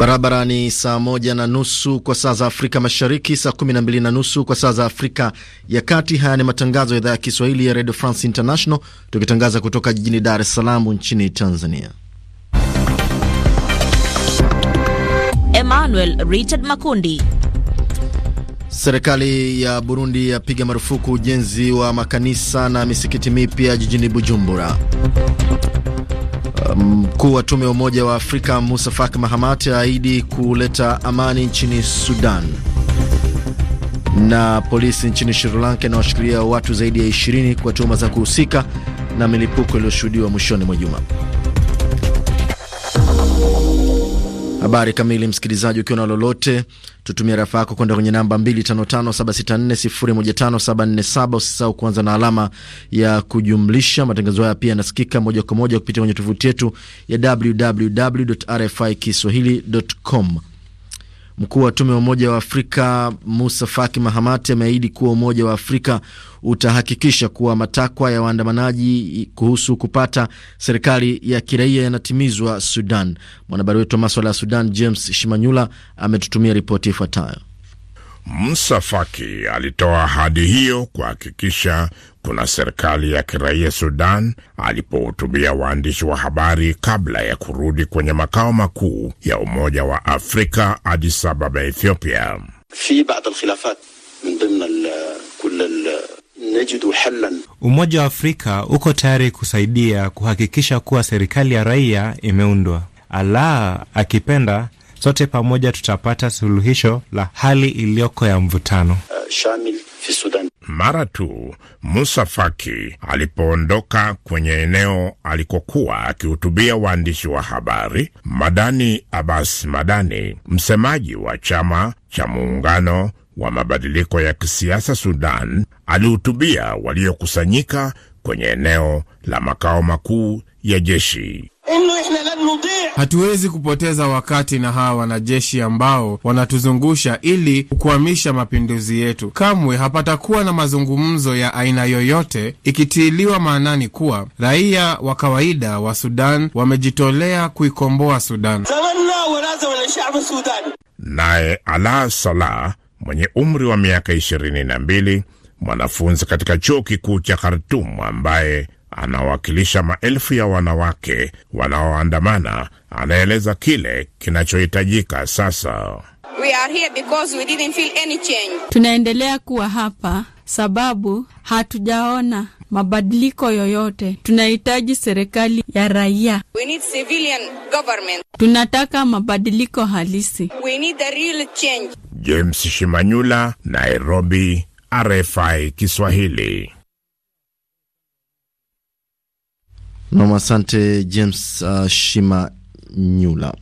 Barabara ni saa moja na nusu kwa saa za Afrika Mashariki, saa kumi na mbili na nusu kwa saa za Afrika ya Kati. Haya ni matangazo ya idhaa ya Kiswahili ya Radio France International, tukitangaza kutoka jijini Dar es Salaam nchini Tanzania. Emmanuel Richard Makundi. Serikali ya Burundi yapiga marufuku ujenzi wa makanisa na misikiti mipya jijini Bujumbura. Mkuu um, wa tume ya Umoja wa Afrika Musa Faki Mahamat aahidi kuleta amani nchini Sudan. Na polisi nchini Sri Lanka inawashikilia watu zaidi ya 20 kwa tuhuma za kuhusika na milipuko iliyoshuhudiwa mwishoni mwa juma. Habari kamili, msikilizaji, ukiwa na lolote tutumia rafa yako kwenda kwenye namba 255764015747. Usisahau kuanza na alama ya kujumlisha. Matangazo haya pia yanasikika moja kwa moja kupitia kwenye tovuti yetu ya www.rfikiswahili.com. Mkuu wa tume ya Umoja wa Afrika Musa Faki Mahamat ameahidi kuwa Umoja wa Afrika utahakikisha kuwa matakwa ya waandamanaji kuhusu kupata serikali ya kiraia yanatimizwa Sudan. Mwanahabari wetu wa maswala ya Sudan James Shimanyula ametutumia ripoti ifuatayo. Musa Faki alitoa ahadi hiyo kuhakikisha kuna serikali ya kiraia Sudan alipohutubia waandishi wa habari kabla ya kurudi kwenye makao makuu ya Umoja wa Afrika Addis Ababa, Ethiopia. Umoja wa Afrika uko tayari kusaidia kuhakikisha kuwa serikali ya raia imeundwa. Allah akipenda sote pamoja tutapata suluhisho la hali iliyoko ya mvutano. Uh, Mara tu Musa Faki alipoondoka kwenye eneo alikokuwa akihutubia waandishi wa habari, Madani Abbas Madani, msemaji wa chama cha muungano wa mabadiliko ya kisiasa Sudan, alihutubia waliokusanyika kwenye eneo la makao makuu ya jeshi. Hatuwezi kupoteza wakati na hawa wanajeshi ambao wanatuzungusha ili kukwamisha mapinduzi yetu. Kamwe hapatakuwa na mazungumzo ya aina yoyote, ikitiiliwa maanani kuwa raia wa kawaida wa Sudan wamejitolea kuikomboa Sudan. Naye Ala Salah mwenye umri wa miaka 22 mwanafunzi katika chuo kikuu cha Khartum ambaye anawakilisha maelfu ya wanawake wanaoandamana, anaeleza kile kinachohitajika sasa. We are here because we didn't feel any change. Tunaendelea kuwa hapa sababu hatujaona mabadiliko yoyote. Tunahitaji serikali ya raia. We need civilian government. Tunataka mabadiliko halisi. We need real change. James Shimanyula, Nairobi, RFI Kiswahili. Nam, asante James uh, Shima Nyula.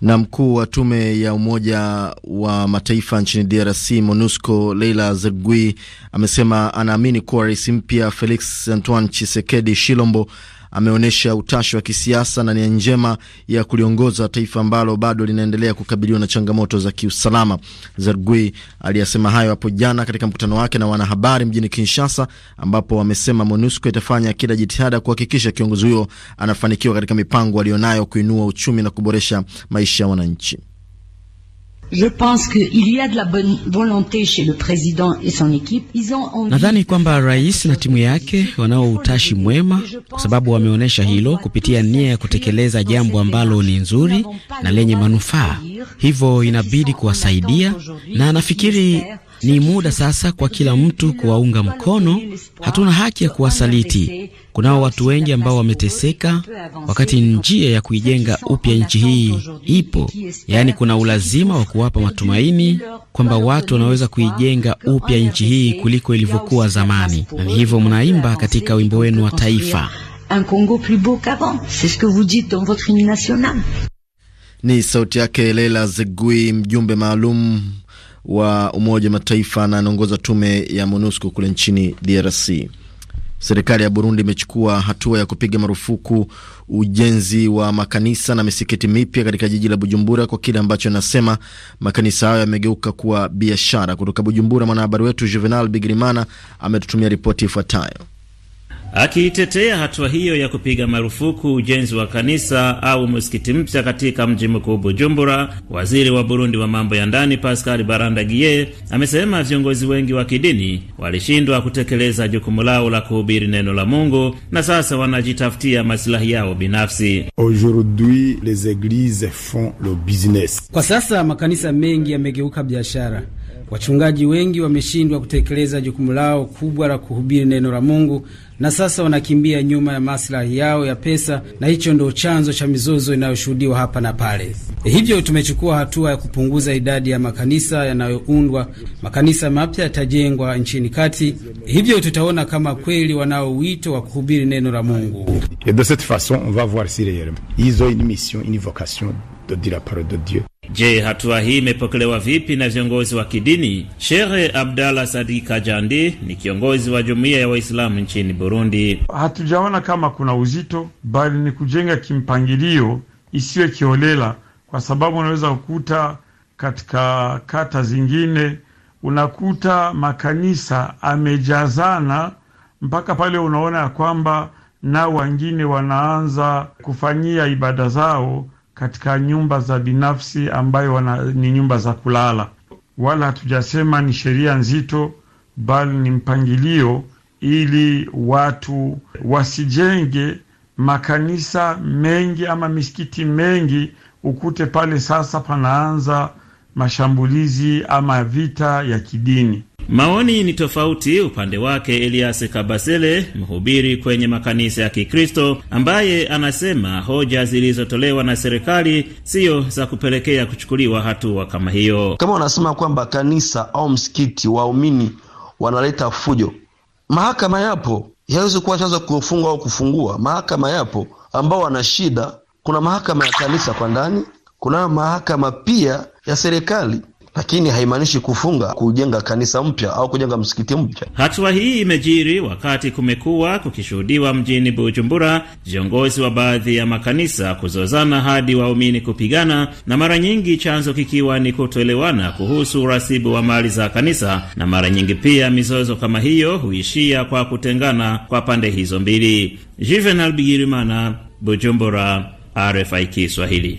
Na mkuu wa tume ya Umoja wa Mataifa nchini DRC MONUSCO Leila Zergui amesema anaamini kuwa rais mpya Felix Antoine chisekedi Shilombo ameonyesha utashi wa kisiasa na nia njema ya kuliongoza taifa ambalo bado linaendelea kukabiliwa na changamoto za kiusalama. Zergui aliyasema hayo hapo jana katika mkutano wake na wanahabari mjini Kinshasa, ambapo wamesema MONUSCO itafanya kila jitihada kuhakikisha kiongozi huyo anafanikiwa katika mipango aliyonayo kuinua uchumi na kuboresha maisha ya wananchi. Nadhani kwamba rais na timu yake wanao utashi mwema, kwa sababu wameonyesha hilo kupitia nia ya kutekeleza jambo ambalo ni nzuri na lenye manufaa, hivyo inabidi kuwasaidia, na nafikiri ni muda sasa kwa kila mtu kuwaunga mkono. Hatuna haki ya kuwasaliti. Kunao watu wengi ambao wameteseka, wakati njia ya kuijenga upya nchi hii ipo. Yaani, kuna ulazima wa kuwapa matumaini kwamba watu wanaweza kuijenga upya nchi hii kuliko ilivyokuwa zamani, na ni hivyo mnaimba katika wimbo wenu wa taifa. Ni sauti yake Leila Zegui, mjumbe maalum wa Umoja wa Mataifa na anaongoza tume ya MONUSCO kule nchini DRC. Serikali ya Burundi imechukua hatua ya kupiga marufuku ujenzi wa makanisa na misikiti mipya katika jiji la Bujumbura kwa kile ambacho anasema makanisa hayo yamegeuka kuwa biashara. Kutoka Bujumbura, mwanahabari wetu Juvenal Bigirimana ametutumia ripoti ifuatayo. Akiitetea hatua hiyo ya kupiga marufuku ujenzi wa kanisa au msikiti mpya katika mji mkuu Bujumbura, waziri wa Burundi wa mambo ya ndani Pascal Barandagiye amesema viongozi wengi wa kidini walishindwa kutekeleza jukumu lao la kuhubiri neno la Mungu na sasa wanajitafutia masilahi yao binafsi. Aujourd'hui les eglises font le business. Kwa sasa makanisa mengi yamegeuka biashara Wachungaji wengi wameshindwa kutekeleza jukumu lao kubwa la kuhubiri neno la Mungu na sasa wanakimbia nyuma ya maslahi yao ya pesa, na hicho ndio chanzo cha mizozo inayoshuhudiwa hapa na pale. Hivyo tumechukua hatua ya kupunguza idadi ya makanisa yanayoundwa. Makanisa mapya yatajengwa nchini kati, hivyo tutaona kama kweli wanao wito wa kuhubiri neno la Mungu de la parole de Dieu. Je, hatua hii imepokelewa vipi na viongozi wa kidini? Sheikh Abdallah Sadika Ajandi ni kiongozi wa jumuiya ya Waislamu nchini Burundi. Hatujaona kama kuna uzito, bali ni kujenga kimpangilio, isiwe kiolela, kwa sababu unaweza kukuta katika kata zingine unakuta makanisa amejazana mpaka pale unaona ya kwamba nao wengine wanaanza kufanyia ibada zao katika nyumba za binafsi ambayo wana, ni nyumba za kulala. Wala hatujasema ni sheria nzito, bali ni mpangilio ili watu wasijenge makanisa mengi ama misikiti mengi, ukute pale sasa panaanza mashambulizi ama vita ya kidini. Maoni ni tofauti upande wake. Elias Kabasele, mhubiri kwenye makanisa ya Kikristo, ambaye anasema hoja zilizotolewa na serikali siyo za kupelekea kuchukuliwa hatua kama hiyo. Kama wanasema kwamba kanisa au msikiti waumini wanaleta fujo, mahakama yapo, yawezi kuwa chanzo kufunga au kufungua. Mahakama yapo ambao wana shida. Kuna mahakama ya kanisa kwa ndani, kuna mahakama pia ya serikali lakini haimaanishi kufunga kujenga kanisa mpya au kujenga msikiti mpya. Hatua hii imejiri wakati kumekuwa kukishuhudiwa mjini Bujumbura viongozi wa baadhi ya makanisa kuzozana hadi waumini kupigana, na mara nyingi chanzo kikiwa ni kutoelewana kuhusu urasibu wa mali za kanisa, na mara nyingi pia mizozo kama hiyo huishia kwa kutengana kwa pande hizo mbili. Juvenal Bigirimana, Bujumbura, RFI Kiswahili.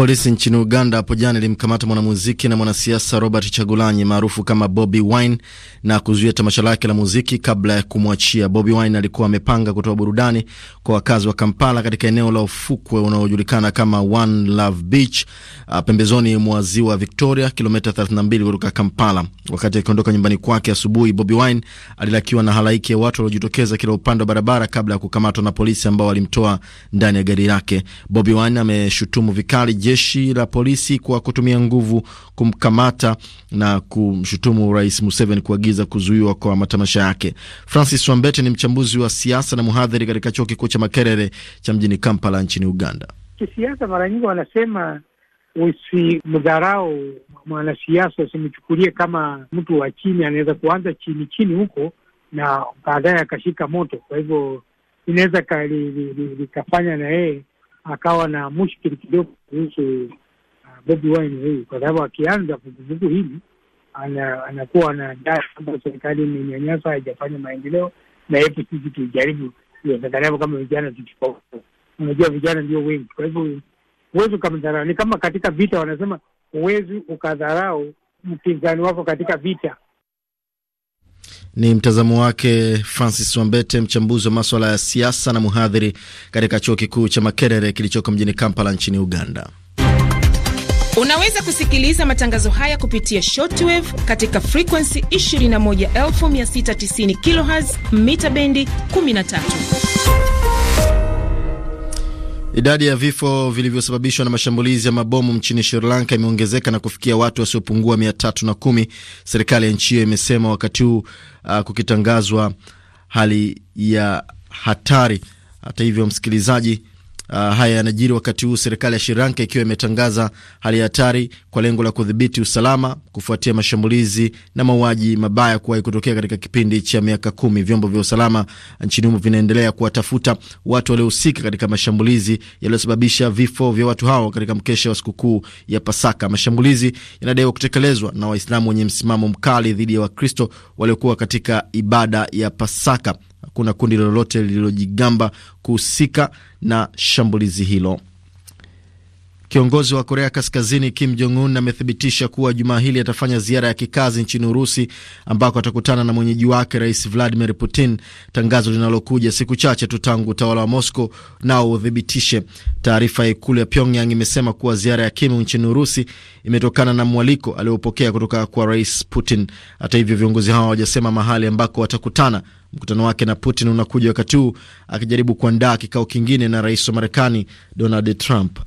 Polisi nchini Uganda hapo jana ilimkamata mwanamuziki na mwanasiasa Robert Chagulanyi maarufu kama Bobi Wine na kuzuia tamasha lake la muziki kabla ya kumwachia. Bobi Wine alikuwa amepanga kutoa burudani kwa wakazi wa Kampala katika eneo la ufukwe unaojulikana kama One Love Beach ah, pembezoni mwa ziwa Victoria, kilomita 32 kutoka Kampala. Wakati akiondoka nyumbani kwake asubuhi, Bobi Wine alilakiwa na halaiki ya watu waliojitokeza kila upande wa barabara kabla ya kukamatwa na polisi ambao walimtoa ndani ya gari lake. Bobi Wine ameshutumu vikali jeshi la polisi kwa kutumia nguvu kumkamata na kumshutumu Rais Museveni kuagiza kuzuiwa kwa matamasha yake. Francis Wambete ni mchambuzi wa siasa na mhadhiri katika chuo kikuu cha Makerere cha mjini Kampala nchini Uganda. Kisiasa mara nyingi wanasema usimdharau mwanasiasa, usimchukulie kama mtu wa chini, anaweza kuanza chini chini huko na baadaye akashika moto. Kwa hivyo inaweza likafanya na yeye akawa na mushkili kidogo kuhusu uh, Bobi Wine huyu, kwa sababu akianza vuguvugu hili ana, anakuwa anadai kwamba serikali imenyanyasa, haijafanya maendeleo, na yetu sisi tuijaribu iwezekanavyo kama vijana tuchukua. Unajua vijana ndio wengi, kwa hivyo huwezi ukamdharau. Ni kama katika vita wanasema huwezi ukadharau mpinzani wako katika vita. Ni mtazamo wake Francis Wambete, mchambuzi wa maswala ya siasa na mhadhiri katika chuo kikuu cha Makerere kilichoko mjini Kampala nchini Uganda. Unaweza kusikiliza matangazo haya kupitia shortwave katika frekuensi 21690 kHz mita bendi 13. Idadi ya vifo vilivyosababishwa na mashambulizi ya mabomu nchini Sri Lanka imeongezeka na kufikia watu wasiopungua mia tatu na kumi, serikali ya nchi hiyo imesema wakati huu uh, kukitangazwa hali ya hatari. Hata hivyo, msikilizaji Uh, haya yanajiri wakati huu serikali ya Shiranka ikiwa imetangaza hali ya hatari kwa lengo la kudhibiti usalama kufuatia mashambulizi na mauaji mabaya kuwahi kutokea katika kipindi cha miaka kumi. Vyombo vya usalama nchini humo vinaendelea kuwatafuta watu waliohusika katika mashambulizi yaliyosababisha vifo vya watu hao katika mkesha wa sikukuu ya Pasaka. Mashambulizi yanadaiwa kutekelezwa na Waislamu wenye msimamo mkali dhidi ya Wakristo waliokuwa katika ibada ya Pasaka hakuna kundi lolote lililojigamba kuhusika na shambulizi hilo. Kiongozi wa Korea Kaskazini Kim Jong Un amethibitisha kuwa jumaa hili atafanya ziara ya kikazi nchini Urusi ambako atakutana na mwenyeji wake Rais Vladimir Putin, tangazo linalokuja siku chache tu tangu utawala wa Moscow nao uthibitishe. Taarifa ya ikulu ya Pyongyang imesema kuwa ziara ya Kim nchini Urusi imetokana na mwaliko aliopokea kutoka kwa Rais Putin. Hata hivyo, viongozi hao hawajasema mahali ambako watakutana. Mkutano wake na Putin unakuja wakati huu akijaribu kuandaa kikao kingine na rais wa Marekani Donald Trump.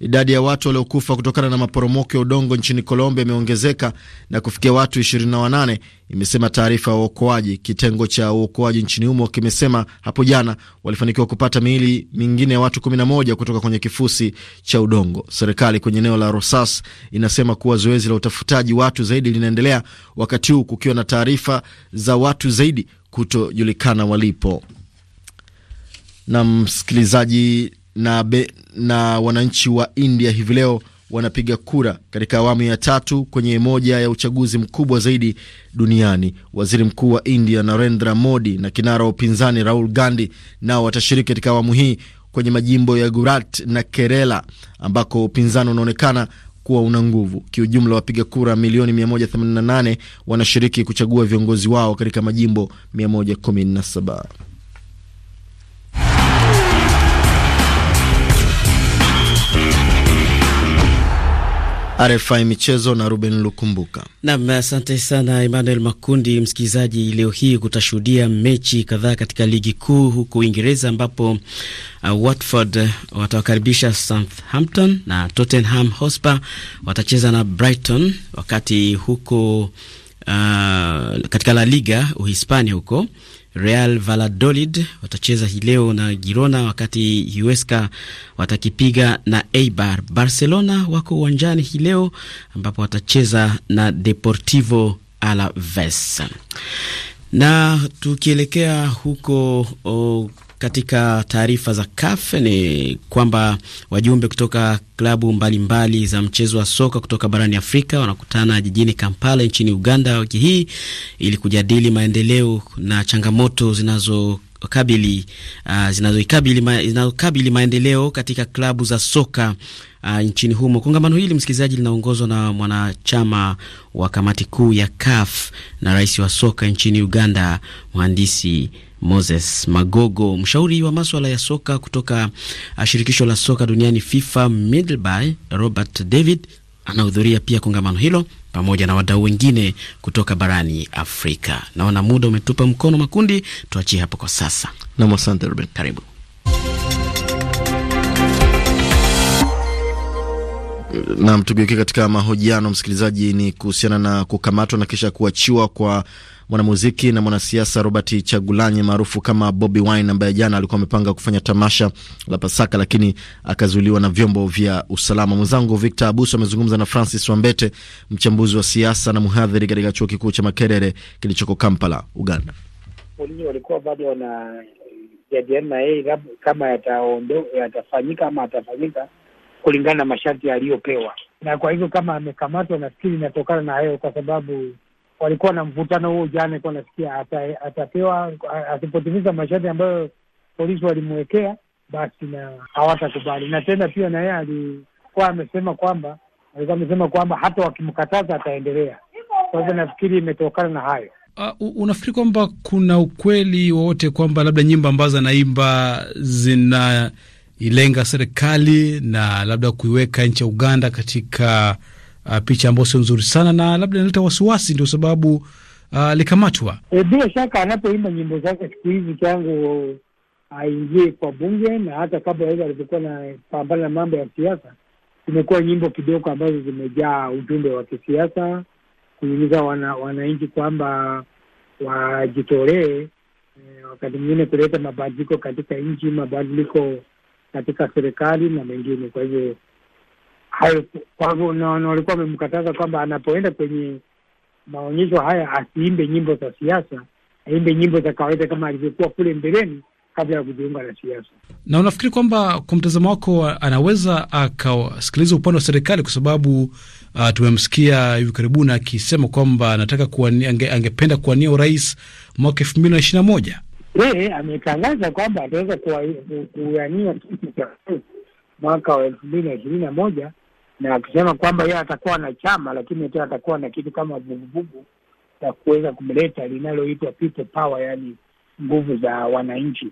Idadi ya watu waliokufa kutokana na maporomoko ya udongo nchini Colombia imeongezeka na kufikia watu 28, imesema taarifa ya uokoaji. Kitengo cha uokoaji nchini humo kimesema hapo jana walifanikiwa kupata miili mingine ya watu 11 kutoka kwenye kifusi cha udongo. Serikali kwenye eneo la Rosas inasema kuwa zoezi la utafutaji watu zaidi linaendelea, wakati huu kukiwa na taarifa za watu zaidi kutojulikana walipo. Na msikilizaji na, be, na wananchi wa India hivi leo wanapiga kura katika awamu ya tatu kwenye moja ya uchaguzi mkubwa zaidi duniani. Waziri mkuu wa India Narendra Modi na kinara wa upinzani Rahul Gandhi nao watashiriki katika awamu hii kwenye majimbo ya Gujarat na Kerala ambako upinzani unaonekana kuwa una nguvu. Kiujumla, wapiga kura milioni 188 wanashiriki kuchagua viongozi wao katika majimbo 117. RFI Michezo na Ruben Lukumbuka. Nam, asante sana Emmanuel Makundi. Msikilizaji, leo hii kutashuhudia mechi kadhaa katika ligi kuu huko Uingereza, ambapo uh, Watford watawakaribisha Southampton na Tottenham Hotspur watacheza na Brighton, wakati huko uh, katika La Liga Uhispania huko Real Valladolid watacheza hii leo na Girona, wakati Huesca watakipiga na Eibar. Barcelona wako uwanjani hii leo ambapo watacheza na Deportivo Alaves. Na tukielekea huko oh, katika taarifa za CAF ni kwamba wajumbe kutoka klabu mbalimbali mbali za mchezo wa soka kutoka barani Afrika wanakutana jijini Kampala nchini Uganda wiki hii ili kujadili maendeleo na changamoto zinazo kabili uh, zinazoikabili ma, zinazokabili maendeleo katika klabu za soka uh, nchini humo. Kongamano hili msikilizaji, linaongozwa na mwanachama wa kamati kuu ya CAF na rais wa soka nchini Uganda, mhandisi Moses Magogo, mshauri wa maswala ya soka kutoka ah, shirikisho la soka duniani FIFA Middleby, Robert David anahudhuria pia kongamano hilo pamoja na wadau wengine kutoka barani Afrika. Naona muda umetupa mkono, Makundi, tuachie hapo kwa sasa. Nam, asante Ruben, karibu nam. Tugeukie katika mahojiano, msikilizaji, ni kuhusiana na kukamatwa na kisha kuachiwa kwa mwanamuziki na mwanasiasa Robert Chagulanyi maarufu kama Bobi Wine, ambaye jana alikuwa amepanga kufanya tamasha la Pasaka lakini akazuiliwa na vyombo vya usalama. Mwenzangu Victor Abuso amezungumza na Francis Wambete, mchambuzi wa siasa na mhadhiri katika chuo kikuu cha Makerere kilichoko Kampala, Uganda. Walikuwa bado wana jadiliana yeye kama yatafanyika ama atafanyika kulingana na masharti aliyopewa, na kwa hivyo kama amekamatwa, nafikiri inatokana na hayo, kwa sababu walikuwa na mvutano huo jana, alikuwa nasikia atapewa asipotimiza masharti ambayo polisi walimwekea, basi na hawatakubali. Na tena pia na yeye alikuwa amesema kwamba alikuwa amesema kwamba hata wakimkataza ataendelea. Kwa hivyo nafikiri imetokana na hayo. Uh, unafikiri kwamba kuna ukweli wowote kwamba labda nyimbo ambazo anaimba zinailenga serikali na labda kuiweka nchi ya Uganda katika uh, picha ambayo sio nzuri sana na labda inaleta wasiwasi, ndio sababu uh, ah, likamatwa. E, eh, bila shaka anapoimba nyimbo zake siku hizi tangu aingie kwa bunge na hata kabla hizo alivyokuwa na pambana na mambo ya siasa, zimekuwa nyimbo kidogo ambazo zimejaa ujumbe wa kisiasa, kuhimiza wananchi wana kwamba wajitolee eh, wakati mwingine kuleta mabadiliko katika nchi, mabadiliko katika serikali na mengine. Kwa hivyo hayo kwa hivyo, na walikuwa wamemkataza kwamba anapoenda kwenye maonyesho haya asiimbe nyimbo za siasa, aimbe nyimbo za kawaida kama alivyokuwa kule mbeleni kabla ya kujiunga na siasa. Na unafikiri kwamba kwa mtazamo wako anaweza akasikiliza upande wa serikali? Kwa sababu uh, tumemsikia hivi karibuni akisema kwamba anataka kuwania, ange, angependa kuwania urais mwaka elfu mbili na ishirini na moja. Yeye ametangaza kwamba ataweza kuwania kiti cha mwaka wa elfu mbili na ishirini na moja na akisema kwamba yeye atakuwa na chama lakini tena atakuwa na kitu kama vuguvugu la kuweza kumleta linaloitwa people power, yani nguvu za wananchi.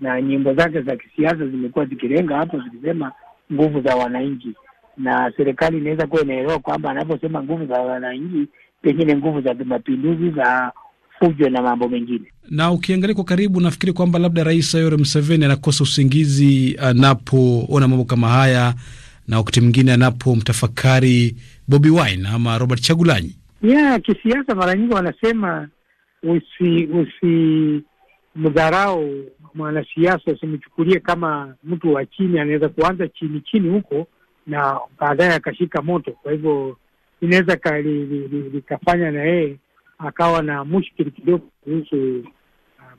Na nyimbo zake za kisiasa zimekuwa zikilenga hapo zikisema nguvu za wananchi, na serikali inaweza kuwa inaelewa kwamba anaposema nguvu za wananchi, pengine nguvu za kimapinduzi za fujo na mambo mengine. Na ukiangalia kwa karibu, nafikiri kwamba labda Rais Yoweri Museveni anakosa usingizi anapoona mambo kama haya na wakati mwingine anapomtafakari Bobi Wine ama Robert Chagulanyi. Yeah, kisiasa mara nyingi wanasema usi usi mdharau mwanasiasa, usimchukulie kama mtu wa chini. Anaweza kuanza chini chini huko na baadaye akashika moto, kwa hivyo inaweza likafanya na yeye akawa na mushkili kidogo kuhusu uh,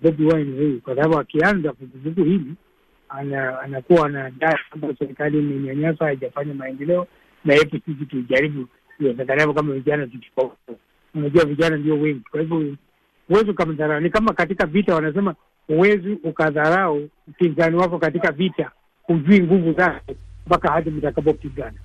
Bobi Wine huyu, kwa sababu akianza vuguvugu hili ana, anakuwa anadai kwamba serikali imenyanyasa, haijafanya maendeleo, na yetu sisi tujaribu iwezekanavyo kama vijana tukipa. Unajua vijana ndio wengi, kwa hivyo huwezi ukamdharau. Ni kama katika vita wanasema huwezi ukadharau mpinzani wako katika vita, hujui nguvu zake mpaka hadi mtakapopigana.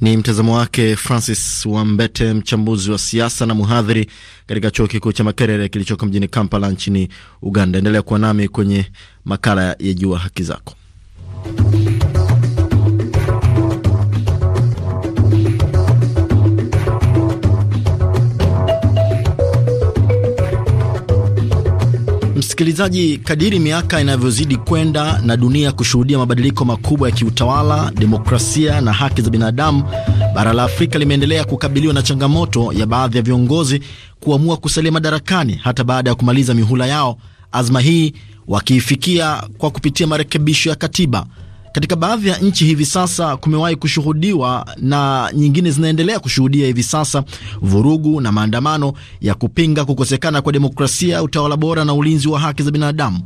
Ni mtazamo wake Francis Wambete, mchambuzi wa siasa na mhadhiri katika chuo kikuu cha Makerere kilichoko mjini Kampala nchini Uganda. Endelea kuwa nami kwenye makala ya Jua Haki Zako. Msikilizaji, kadiri miaka inavyozidi kwenda na dunia kushuhudia mabadiliko makubwa ya kiutawala, demokrasia na haki za binadamu, bara la Afrika limeendelea kukabiliwa na changamoto ya baadhi ya viongozi kuamua kusalia madarakani hata baada ya kumaliza mihula yao, azma hii wakiifikia kwa kupitia marekebisho ya katiba katika baadhi ya nchi hivi sasa kumewahi kushuhudiwa na nyingine zinaendelea kushuhudia hivi sasa vurugu na maandamano ya kupinga kukosekana kwa demokrasia, utawala bora na ulinzi wa haki za binadamu.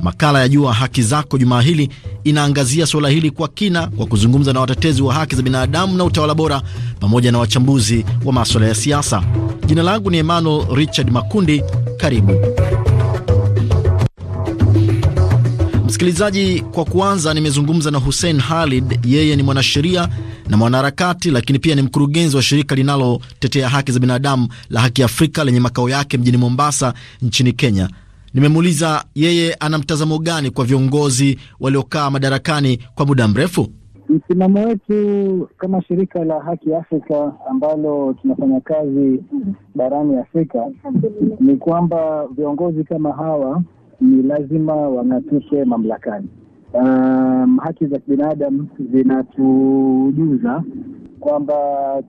Makala ya Jua Haki Zako jumaa hili inaangazia suala hili kwa kina kwa kuzungumza na watetezi wa haki za binadamu na utawala bora pamoja na wachambuzi wa maswala ya siasa. Jina langu ni Emmanuel Richard Makundi. Karibu. Msikilizaji, kwa kuanza, nimezungumza na Hussein Khalid. Yeye ni mwanasheria na mwanaharakati, lakini pia ni mkurugenzi wa shirika linalotetea haki za binadamu la Haki Afrika lenye makao yake mjini Mombasa nchini Kenya. Nimemuuliza yeye ana mtazamo gani kwa viongozi waliokaa madarakani kwa muda mrefu. Msimamo wetu kama shirika la Haki Afrika ambalo tunafanya kazi barani Afrika ni kwamba viongozi kama hawa ni lazima wang'atuke mamlakani. Um, haki za kibinadamu zinatujuza kwamba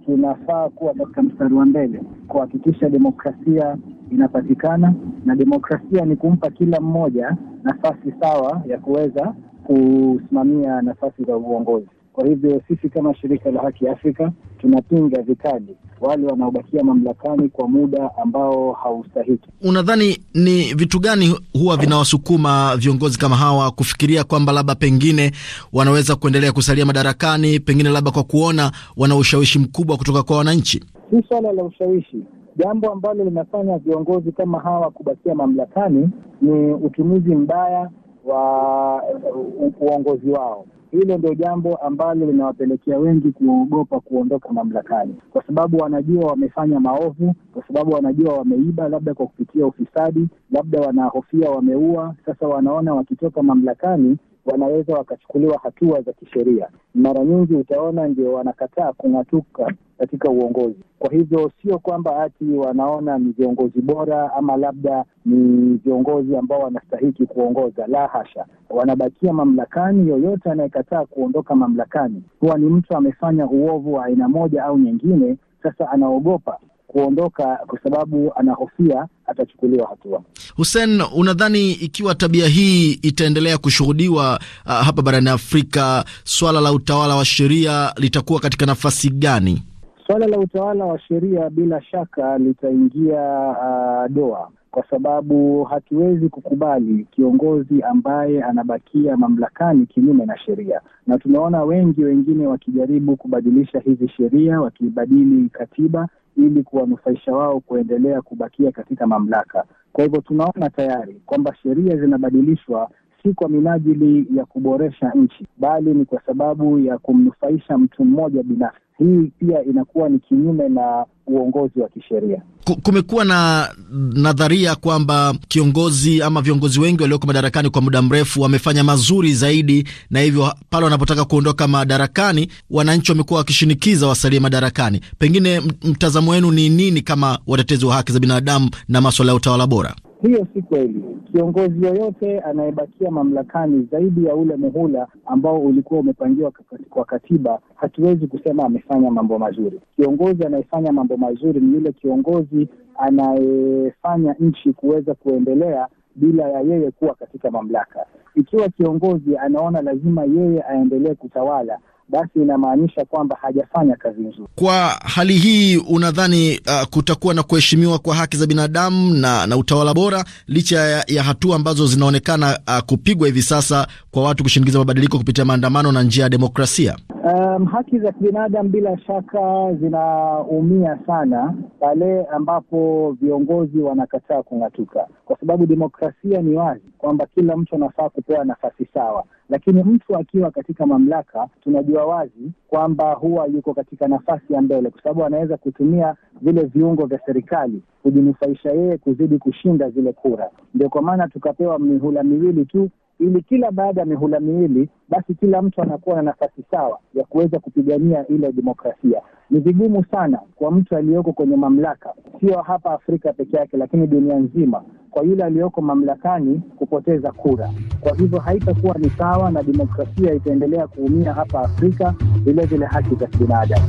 tunafaa kuwa katika mstari wa mbele kuhakikisha demokrasia inapatikana, na demokrasia ni kumpa kila mmoja nafasi sawa ya kuweza kusimamia nafasi za uongozi. Kwa hivyo sisi kama shirika la Haki Afrika tunapinga vikali wale wanaobakia mamlakani kwa muda ambao haustahiki. Unadhani ni vitu gani huwa vinawasukuma viongozi kama hawa kufikiria kwamba labda pengine wanaweza kuendelea kusalia madarakani, pengine labda kwa kuona wana ushawishi mkubwa kutoka kwa wananchi? Si swala la ushawishi. Jambo ambalo linafanya viongozi kama hawa kubakia mamlakani ni utumizi mbaya wa eh, uongozi wao. Hilo ndio jambo ambalo linawapelekea wengi kuogopa kuondoka mamlakani, kwa sababu wanajua wamefanya maovu, kwa sababu wanajua wameiba, labda kwa kupitia ufisadi, labda wanahofia wameua. Sasa wanaona wakitoka mamlakani wanaweza wakachukuliwa hatua za kisheria. Mara nyingi utaona ndio wanakataa kung'atuka katika uongozi. Kwa hivyo sio kwamba ati wanaona ni viongozi bora ama labda ni viongozi ambao wanastahiki kuongoza, la hasha, wanabakia mamlakani. Yoyote anayekataa kuondoka mamlakani huwa ni mtu amefanya uovu wa aina moja au nyingine. Sasa anaogopa kuondoka kwa sababu anahofia atachukuliwa hatua. Hussein, unadhani ikiwa tabia hii itaendelea kushuhudiwa uh, hapa barani Afrika, swala la utawala wa sheria litakuwa katika nafasi gani? Swala la utawala wa sheria bila shaka litaingia uh, doa kwa sababu hatuwezi kukubali kiongozi ambaye anabakia mamlakani kinyume na sheria, na tunaona wengi wengine wakijaribu kubadilisha hizi sheria, wakibadili katiba ili kuwanufaisha wao kuendelea kubakia katika mamlaka. Kwa hivyo tunaona tayari kwamba sheria zinabadilishwa si kwa minajili ya kuboresha nchi, bali ni kwa sababu ya kumnufaisha mtu mmoja binafsi. Hii pia inakuwa ni kinyume na uongozi wa kisheria. Kumekuwa na nadharia kwamba kiongozi ama viongozi wengi walioko madarakani kwa muda mrefu wamefanya mazuri zaidi, na hivyo pale wanapotaka kuondoka madarakani, wananchi wamekuwa wakishinikiza wasalie madarakani. Pengine mtazamo wenu ni nini kama watetezi wa haki za binadamu na maswala ya utawala bora? Hiyo si kweli. Kiongozi yoyote anayebakia mamlakani zaidi ya ule muhula ambao ulikuwa umepangiwa kwa katiba, hatuwezi kusema amefanya mambo mazuri. Kiongozi anayefanya mambo mazuri ni yule kiongozi anayefanya nchi kuweza kuendelea bila ya yeye kuwa katika mamlaka. Ikiwa kiongozi anaona lazima yeye aendelee kutawala basi inamaanisha kwamba hajafanya kazi nzuri. Kwa hali hii, unadhani uh, kutakuwa na kuheshimiwa kwa haki za binadamu na, na utawala bora licha ya, ya hatua ambazo zinaonekana uh, kupigwa hivi sasa kwa watu kushinikiza mabadiliko kupitia maandamano na njia ya demokrasia? Um, haki za kibinadamu bila shaka zinaumia sana pale ambapo viongozi wanakataa kung'atuka, kwa sababu demokrasia ni wazi kwamba kila mtu anafaa kupewa nafasi sawa lakini mtu akiwa katika mamlaka, tunajua wazi kwamba huwa yuko katika nafasi ya mbele, kwa sababu anaweza kutumia vile viungo vya serikali kujinufaisha yeye kuzidi kushinda zile kura. Ndio kwa maana tukapewa mihula miwili tu ili kila baada ya mihula miwili basi kila mtu anakuwa na nafasi sawa ya kuweza kupigania ile demokrasia. Ni vigumu sana kwa mtu aliyoko kwenye mamlaka, sio hapa Afrika peke yake, lakini dunia nzima, kwa yule aliyoko mamlakani kupoteza kura. Kwa hivyo haitakuwa ni sawa, na demokrasia itaendelea kuumia hapa Afrika, vilevile haki za kibinadamu.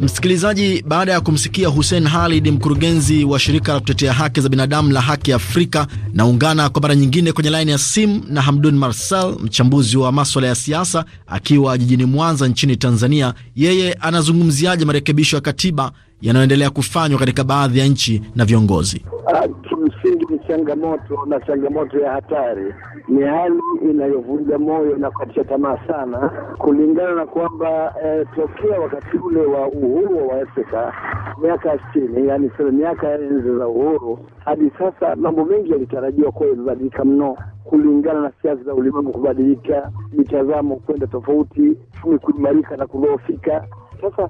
Msikilizaji, baada ya kumsikia Hussein Halid, mkurugenzi wa shirika la kutetea haki za binadamu la Haki Afrika, naungana kwa mara nyingine kwenye laini ya simu na Hamdun Marsal, mchambuzi wa maswala ya siasa, akiwa jijini Mwanza nchini Tanzania. Yeye anazungumziaje marekebisho ya katiba yanayoendelea kufanywa katika baadhi ya nchi na viongozi. Ah, kimsingi ni changamoto na changamoto ya hatari, ni hali inayovunja moyo na kukatisha tamaa sana, kulingana na kwamba eh, tokea wakati ule wa uhuru wa Afrika miaka ya sitini, yani miaka ya enzi za uhuru hadi sasa, mambo mengi yalitarajiwa kuwa yamebadilika mno kulingana na siasa za ulimwengu kubadilika, mitazamo kwenda tofauti, chumi kuimarika na kudhoofika. Sasa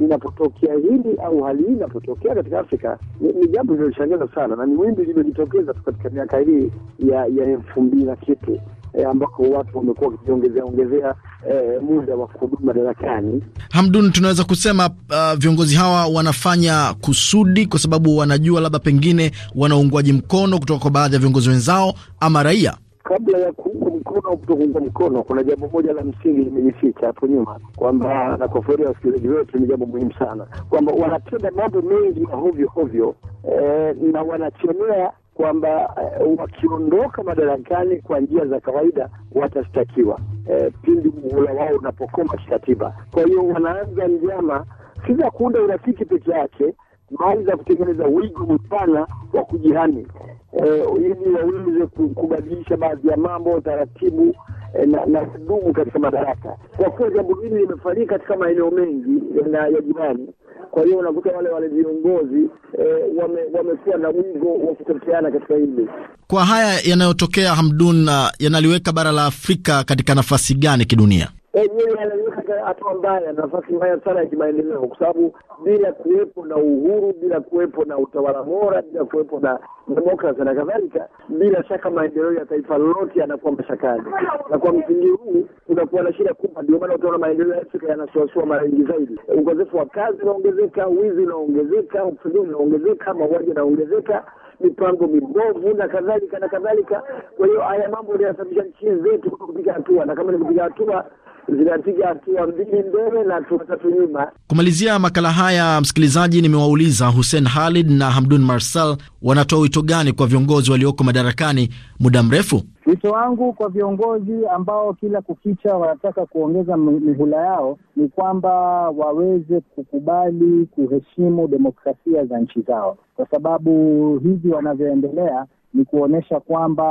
inapotokea hili au hali hii inapotokea katika Afrika ni, jambo linaloshangaza sana na ni wimbi lililojitokeza tu katika miaka hii ya ya elfu mbili na kitu E, ambako watu wamekuwa wakijiongezea ongezea e, muda wa kuhudumu madarakani. Hamdun, tunaweza kusema uh, viongozi hawa wanafanya kusudi kwa sababu wanajua labda pengine wanaungwaji mkono kutoka kwa baadhi ya viongozi wenzao ama raia kabla ya kuunga mkono au kutokuunga mkono, kuna jambo moja la msingi limejificha hapo nyuma, kwamba na kuwafuria wasikilizaji wetu ni jambo muhimu sana, kwamba wanatenda mambo mengi ya hovyo hovyo e, na wanachemea kwamba e, wakiondoka madarakani kwa njia za kawaida watashtakiwa e, pindi muhula wao unapokoma kikatiba. Kwa hiyo wanaanza njama si za kuunda urafiki peke yake, bali za kutengeneza wigo mpana wa kujihami eh, ili waweze kubadilisha baadhi ya mambo taratibu eh, na kudumu katika madaraka. Kwa kuwa jambo hili limefanyika katika maeneo mengi ya jirani, kwa hiyo unakuta wale wale viongozi eh, wamekuwa wame na wigo wa kutoteana katika hili. Kwa haya yanayotokea, Hamdun, yanaliweka bara la Afrika katika nafasi gani kidunia? yenyewe yanaeleweka hatua mbaya, nafasi mbaya sana ya kimaendeleo, kwa sababu bila kuwepo na uhuru, bila kuwepo na utawala bora, bila kuwepo na demokrasia na kadhalika, bila shaka maendeleo ya taifa lolote yanakuwa mashakani, na kwa msingi huu kunakuwa na shida kubwa. Ndio maana utaona maendeleo ya Afrika yanasuasua mara nyingi zaidi. Ukosefu wa kazi unaongezeka, wizi unaongezeka, ufisadi unaongezeka, mauaji yanaongezeka mipango mibovu na kadhalika na kadhalika. Kwa hiyo haya mambo yanasababisha nchi zetu kupiga hatua, na kama ni kupiga hatua zinapiga hatua mbili mbele na hatua tatu nyuma. Kumalizia makala haya, msikilizaji, nimewauliza Hussein Khalid na Hamdun Marsal wanatoa wito gani kwa viongozi walioko madarakani muda mrefu. Wito wangu kwa viongozi ambao kila kukicha wanataka kuongeza mihula yao ni kwamba waweze kukubali kuheshimu demokrasia za nchi zao, kwa sababu hivi wanavyoendelea ni kuonyesha kwamba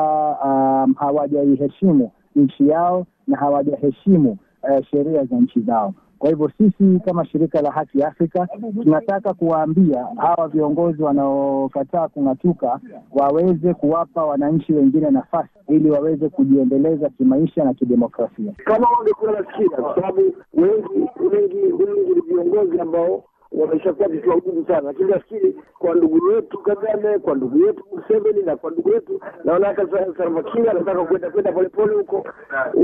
um, hawajaiheshimu nchi yao na hawajaheshimu uh, sheria za nchi zao. Kwa hivyo sisi kama shirika la Haki Afrika tunataka kuwaambia hawa viongozi wanaokataa kung'atuka waweze kuwapa wananchi wengine nafasi ili waweze kujiendeleza kimaisha na kidemokrasia, kama wangekuwa nasikia, kwa sababu wengi wengi wengi ni viongozi ambao wameshakuwa vichwa gumu sana, lakini nafikiri kwa ndugu yetu Kagame, kwa ndugu yetu Museveni na kwa ndugu yetu naona hata Salva Kiir anataka kwenda kwenda polepole huko,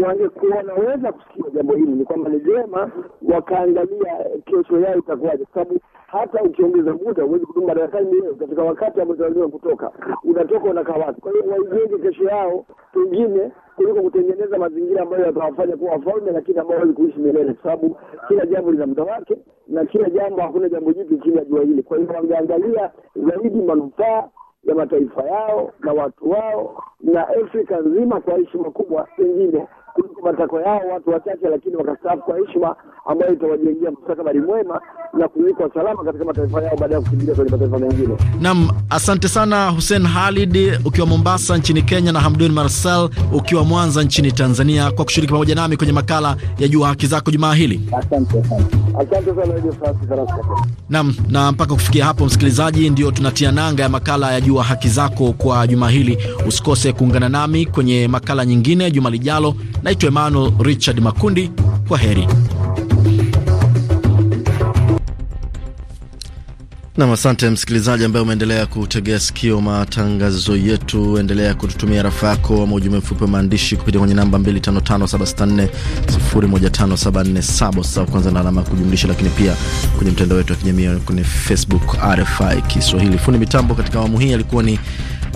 wangekuwa wanaweza kusikia jambo hili, ni kwamba ni jema wakaangalia kesho yao itakuwaje, kwa sababu hata ukiongeza muda huwezi kudumu madarakani mwenyewe katika wakati ambao lazima kutoka, unatoka unakaa wapi? Kwa hiyo waijenge kesho yao pengine kuliko kutengeneza mazingira ambayo yatawafanya kuwa wafalme, lakini ambao hawezi kuishi milele, kwa sababu kila jambo lina muda wake na kila jambo, hakuna jambo jipi chini ya jua hili. Kwa hiyo wangeangalia zaidi manufaa ya mataifa yao na watu wao na Afrika nzima kwa heshima kubwa, pengine kuliko matakwa yao watu wachache, lakini wakastaafu kwa heshima ambayo itawajengea mustakabali mwema na kuwekwa salama katika mataifa yao baada ya kukimbilia kwenye mataifa mengine. Naam, asante sana Hussein Halid ukiwa Mombasa nchini Kenya na Hamdun Marcel ukiwa Mwanza nchini Tanzania kwa kushiriki pamoja nami kwenye makala ya Jua Haki Zako jumaa hili. Asante sana, asante sana Naam, na mpaka kufikia hapo, msikilizaji, ndio tunatia nanga ya makala ya Jua Haki Zako kwa juma hili. Usikose kuungana nami kwenye makala nyingine juma lijalo. Naitwa Emmanuel Richard Makundi, kwa heri. Nam, asante msikilizaji ambaye umeendelea kutegea sikio matangazo yetu. Endelea kututumia rafa yako ama ujumbe mfupi wa maandishi kupitia kwenye namba 255764015747 sasa kwanza na alama ya kujumlisha, lakini pia kwenye mtandao wetu wa kijamii kwenye Facebook RFI Kiswahili. Fundi mitambo katika awamu hii alikuwa ni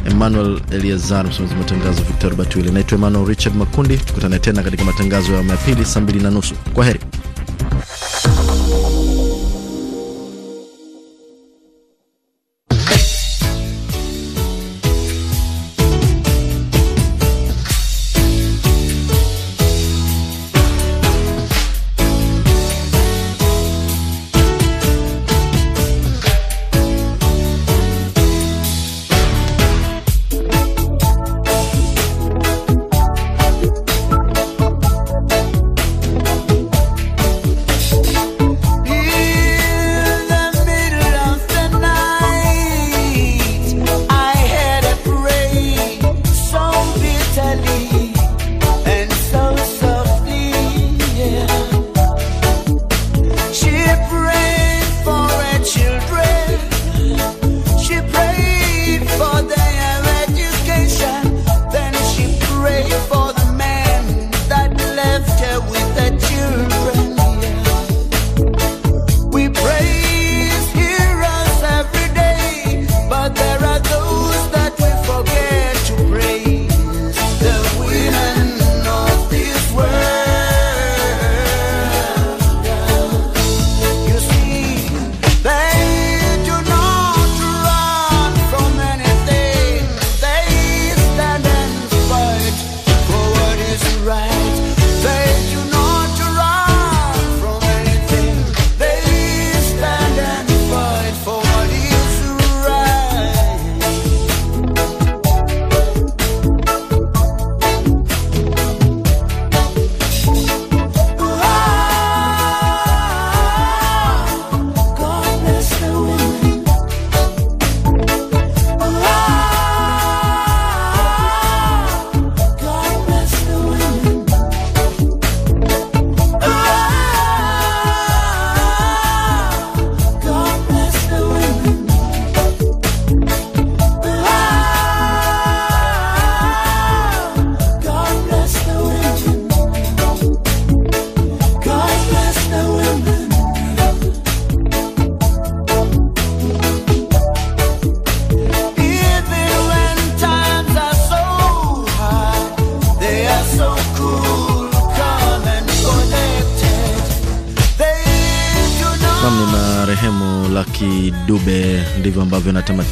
Emmanuel Eliazar, msimamizi matangazo Victor Robert Wile. Naitwa Emmanuel Richard Makundi, tukutane tena katika matangazo ya Jumapili saa mbili na nusu. Kwa heri.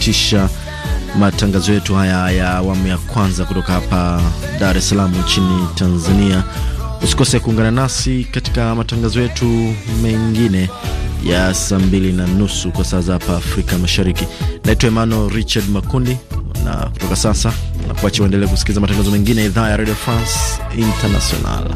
tunatamatisha matangazo yetu haya ya awamu ya kwanza kutoka hapa Dar es Salaam nchini Tanzania. Usikose kuungana nasi katika matangazo yetu mengine ya saa mbili na nusu kwa saa za hapa Afrika Mashariki. Naitwa Emmanuel Richard Makundi, na kutoka sasa nakuacha uendelee kusikiliza matangazo mengine ya idhaa ya Radio France International.